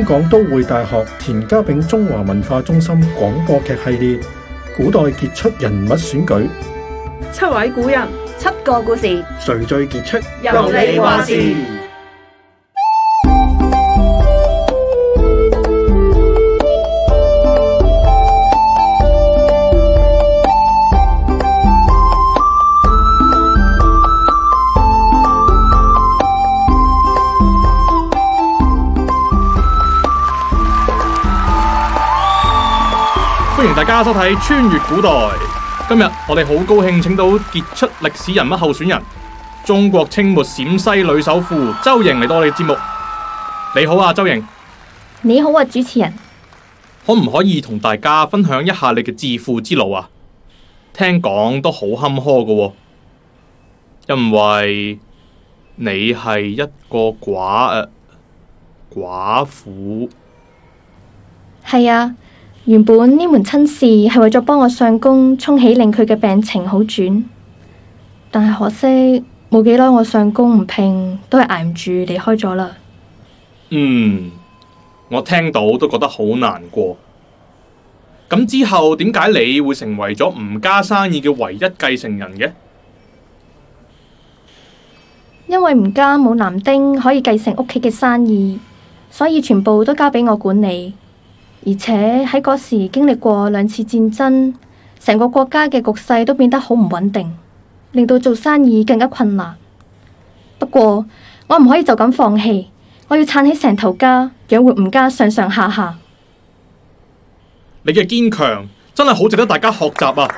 香港都會大學田家炳中華文化中心廣播劇系列：古代傑出人物選舉，七位古人，七個故事，誰最傑出？由你話事。大家收睇《穿越古代》，今日我哋好高興，請到傑出歷史人物候選人、中國清末陝西女首富周瑩嚟到我哋嘅節目。你好啊，周瑩。你好啊，主持人。可唔可以同大家分享一下你嘅致富之路啊？聽講都好坎坷嘅喎，因為你係一個寡誒寡婦。係啊。原本呢門親事係為咗幫我相公沖喜，令佢嘅病情好轉。但係可惜冇幾耐，我相公唔拼，都係挨唔住離開咗啦。嗯，我聽到都覺得好難過。咁之後點解你會成為咗吳家生意嘅唯一繼承人嘅？因為吳家冇男丁可以繼承屋企嘅生意，所以全部都交俾我管理。而且喺嗰時經歷過兩次戰爭，成個國家嘅局勢都變得好唔穩定，令到做生意更加困難。不過我唔可以就咁放棄，我要撐起成頭家，養活吳家上上下下。你嘅堅強真係好值得大家學習啊！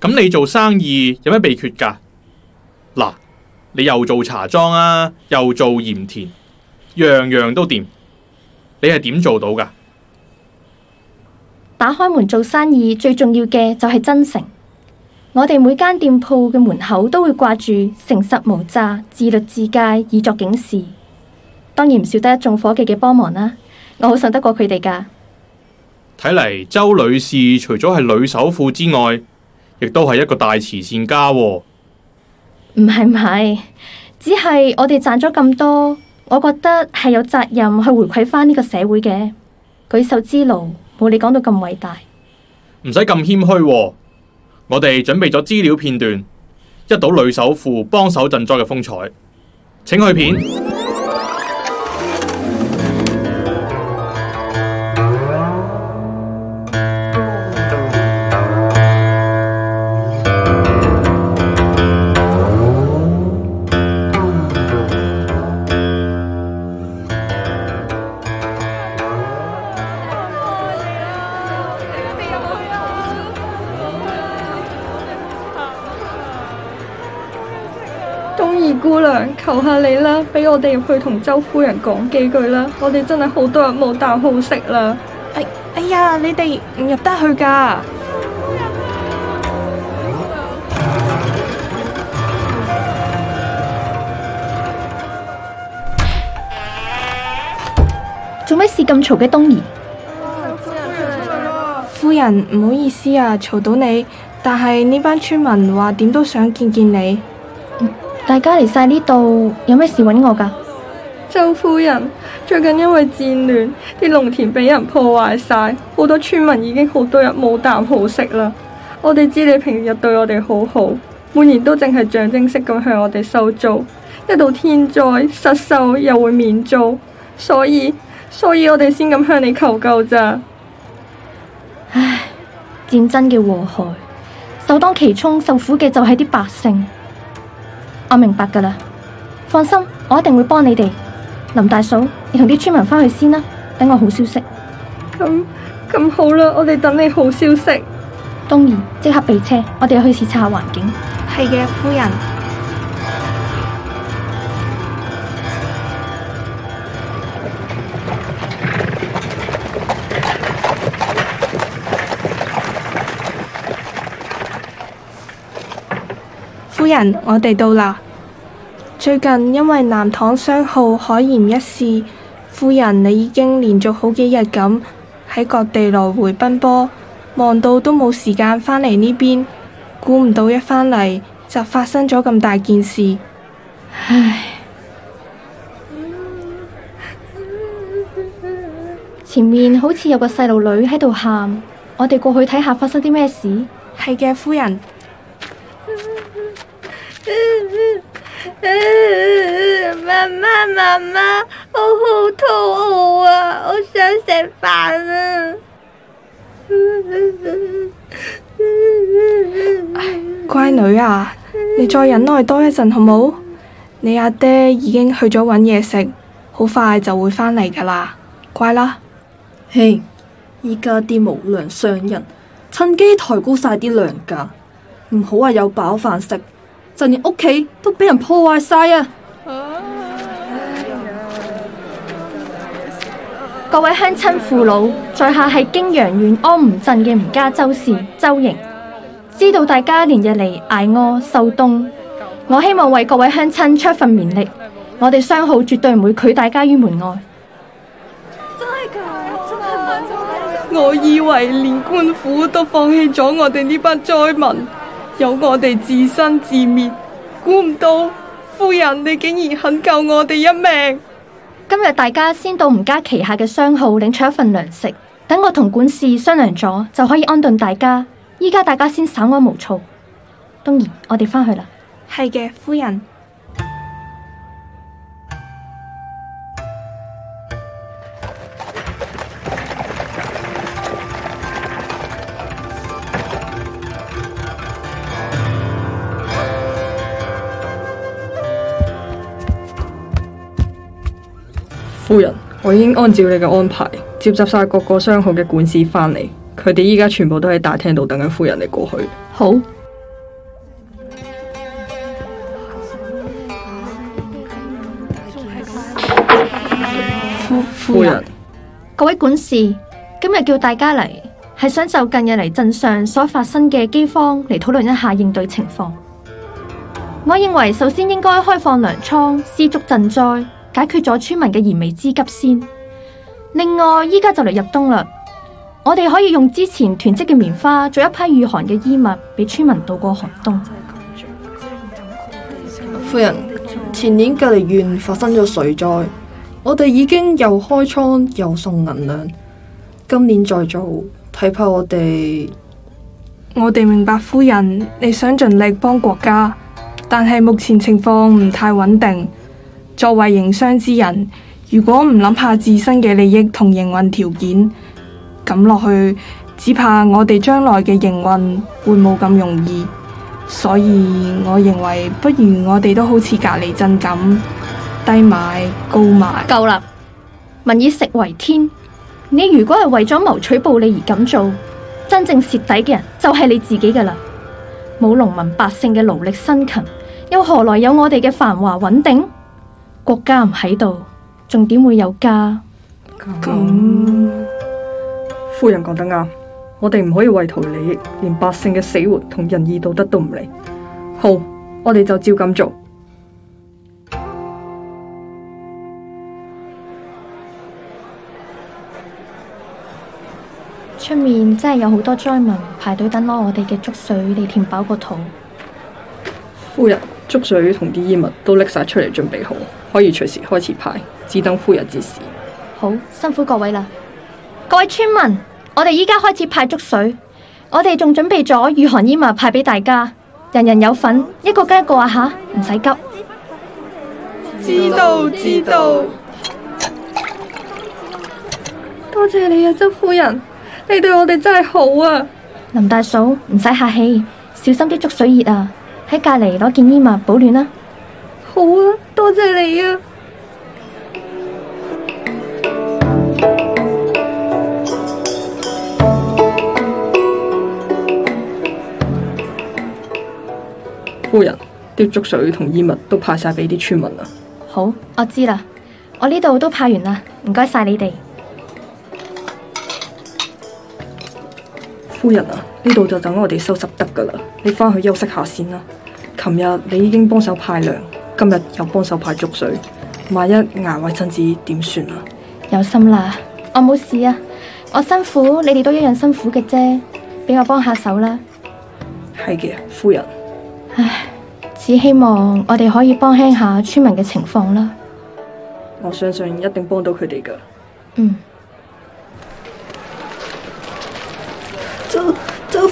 咁 你做生意有咩秘訣㗎？嗱，你又做茶莊啊，又做鹽田。樣樣都掂，你係點做到噶？打開門做生意最重要嘅就係真誠。我哋每間店鋪嘅門口都會掛住誠實無詐、自律自戒以作警示。當然唔少得一眾夥計嘅幫忙啦，我好信得過佢哋噶。睇嚟，周女士除咗係女首富之外，亦都係一個大慈善家啊。唔係唔係，只係我哋賺咗咁多我覺得係有責任去回饋翻呢個社會嘅，舉手之勞，冇你講到咁偉大，唔使咁謙虛喎。我哋準備咗資料片段，一睹女首富幫手賑災嘅風采，請去片。姑娘，求下你啦，俾我哋入去同周夫人講幾句啦，我哋真係好多人冇啖好食啦。哎呀，你哋唔入得去噶。做咩事咁嘈嘅，冬兒？夫人唔好意思啊，嘈到你，但係呢班村民話點都想見見你。大家嚟晒呢度，有咩事揾我㗎？周夫人，最近因為戰亂，啲農田俾人破壞晒，好多村民已經好多人冇啖好食啦。我哋知道你平日對我哋好好，每年都淨係象徵式咁向我哋收租，一到天災失收又會免租，所以所以我哋先咁向你求救咋。唉，戰爭嘅禍害，首當其衝受苦嘅就係啲百姓。我明白噶啦，放心，我一定會幫你哋。林大嫂，你同啲村民翻去先啦，等我好消息。咁，咁好啦，我哋等你好消息。東兒，即刻備車，我哋去視察下環境。係嘅，夫人。夫人，我哋到啦。最近因為南塘商號海鹽一事，夫人你已經連續好幾日咁喺各地來回奔波，忙到都冇時間返嚟呢邊。估唔到一返嚟就發生咗咁大件事，唉！前面好似有個細路女喺度喊，我哋過去睇下發生啲咩事。係嘅，夫人。媽媽媽媽，我好肚餓啊，好想食飯啊、 哎！乖女啊，你再忍耐多一陣好冇？你阿爹，爹已經去咗搵嘢食，好快就會返嚟噶啦。乖啦，嘿，依家啲無良商人趁機抬高晒啲糧價，唔好話有飽飯食，就連屋企都俾人破壞晒啊！各位鄉親父老，在下係涇陽縣安吳鎮嘅吳家周氏周瑩，知道大家連日嚟，挨餓受凍，我希望為各位鄉親出份綿力，我哋商號絕對唔會拒大家於門外。真係假啊？真係萬眾睇相，我以為連官府都放棄咗我哋呢班災民，由我哋自生自滅，估唔到夫人你竟然肯救我哋一命。今日大家先到吳家旗下嘅商號領取一份糧食，等我同管事商量咗，就可以安頓大家。依家大家先稍安勿躁。冬兒，我哋返去啦。係嘅，夫人。夫人，我已經按照你嘅安排，接集晒各個商號嘅管事返嚟，佢哋依家全部都喺大廳度等緊夫人嚟過去。好。夫，夫人，夫人，各位管事，今日叫大家嚟，係想就近日嚟鎮上所發生嘅饑荒嚟討論一下應對情況。我認為首先應該開放糧倉施粥賑災。解決咗村民嘅燃眉之急先。另外，依家就嚟入冬啦，我哋可以用之前囤積嘅棉花做一批御寒嘅衣物，俾村民度過寒冬。夫人，前年隔離縣發生咗水災，我哋已經又開倉又送銀兩，今年再做，睇怕我哋我哋明白夫人，你想盡力幫國家，但係目前情況唔太穩定。作為營商之人，如果唔諗下自身嘅利益同營運條件，咁落去，只怕我哋將來嘅營運會冇咁容易。所以我認為，不如我哋都好似隔離鎮咁低買高賣。夠啦，民以食為天。你如果係為咗謀取暴利而咁做，真正蝕底嘅人就係你自己㗎喇。冇農民百姓嘅勞力辛勤，又何來有我哋嘅繁華穩定？國家唔喺度，仲點會有家？咁、嗯嗯、夫人講得啱，我哋唔可以為圖利益，連百姓嘅死活同仁義道德都唔理。好，我哋就照咁做。出面真係有好多災民排隊等攞我哋嘅粥水嚟填飽個肚。夫人。粥水同啲衣物都拎晒出嚟，準備好可以隨時開始派，只等夫人指示。好，辛苦各位啦。各位村民，我哋而家開始派粥水，我哋仲準備咗御寒衣物派俾大家，人人有份，嗯、一個跟一個啊吓，唔使、嗯、急知。知道知道，多謝你啊，周夫人，你對我哋真係好啊。林大嫂，唔使客氣，小心啲粥水熱啊。喺隔籬攞件衣物保暖啦。好啊，多謝你啊。夫人，啲粥水同衣物都派晒俾啲村民啊。好，我知啦，我呢度都派完啦，唔該晒你哋。夫人啊。呢度就等我哋收拾得噶啦，你翻去休息下先啦。琴日你已經幫手派糧，今日又幫手派粥水，萬一捱壞身子點算啊？有心啦，我冇事啊，我辛苦，你哋都一樣辛苦嘅啫，俾我幫下手啦。係嘅，夫人。唉，只希望我哋可以幫輕下村民嘅情況啦。我相信一定幫到佢哋噶。嗯。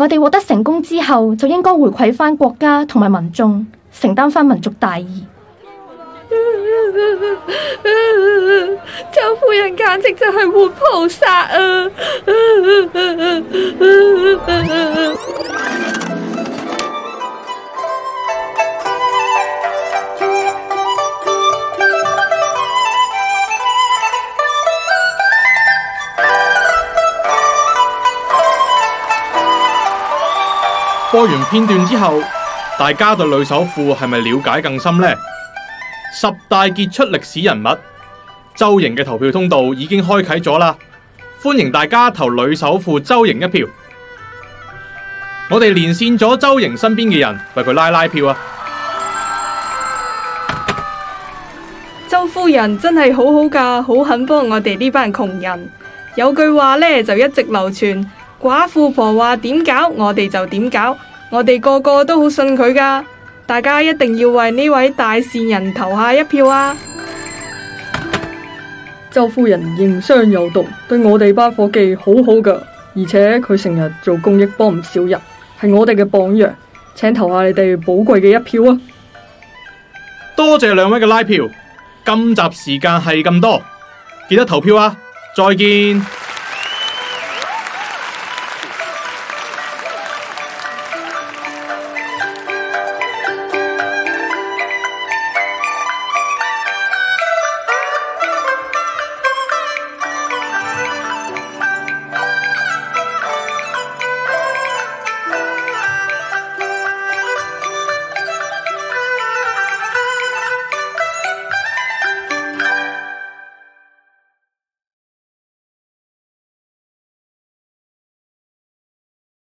我哋獲得成功之後，就應該回饋翻國家同埋民眾，承擔翻民族大義。周 夫人簡直就係活菩薩啊！ 播完片段之後，大家對女首富係咪了解更深呢？十大傑出歷史人物周瑩嘅投票通道已經開啟咗啦，歡迎大家投女首富周瑩一票。我哋連線咗周瑩身邊嘅人，為佢拉拉票啊！周夫人真係好好噶，好肯幫我哋呢班窮人。有句話呢，就一直流傳。寡婦婆話點搞，我哋就點搞，我哋個個都好信佢噶，大家一定要為呢位大善人投下一票啊！周夫人仁商有道，對我哋班伙計好好噶，而且佢成日做公益，幫唔少人，係我哋嘅榜樣，請投下你哋寶貴嘅一票啊！多謝兩位嘅拉票，今集時間係咁多，記得投票啊！再見。